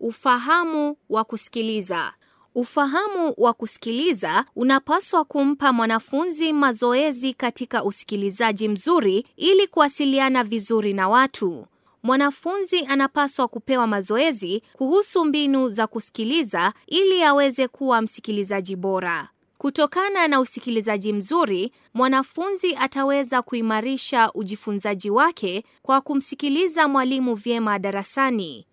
Ufahamu wa kusikiliza. Ufahamu wa kusikiliza unapaswa kumpa mwanafunzi mazoezi katika usikilizaji mzuri ili kuwasiliana vizuri na watu. Mwanafunzi anapaswa kupewa mazoezi kuhusu mbinu za kusikiliza ili aweze kuwa msikilizaji bora. Kutokana na usikilizaji mzuri, mwanafunzi ataweza kuimarisha ujifunzaji wake kwa kumsikiliza mwalimu vyema darasani.